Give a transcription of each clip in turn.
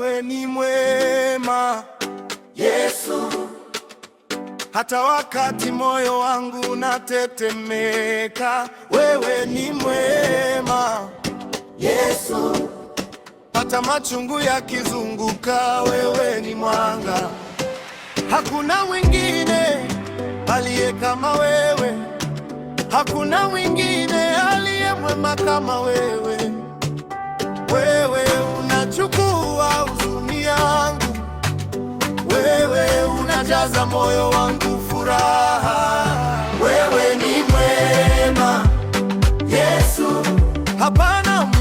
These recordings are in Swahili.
wewe ni mwema Yesu, hata wakati moyo wangu unatetemeka, wewe ni mwema Yesu, hata machungu yakizunguka, wewe ni mwanga. Hakuna mwingine aliye kama wewe, hakuna mwingine aliye mwema kama wewe. Wewe unachukua unajaza moyo wangu furaha. Wewe ni mwema Yesu, hapana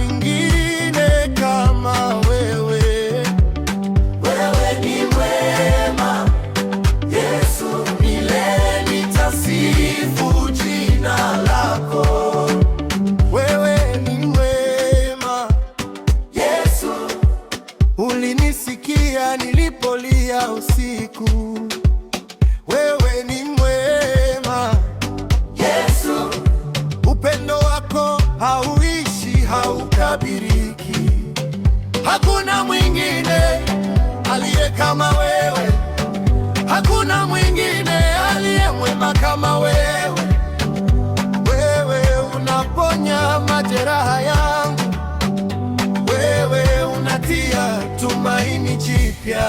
Ulinisikia nilipolia usiku, wewe ni mwema Yesu, upendo wako hauishi, haukabiriki. Hakuna mwingine aliye kama wewe, hakuna mwingine aliye mwema kama wewe. Wewe unaponya majeraha tumaini jipya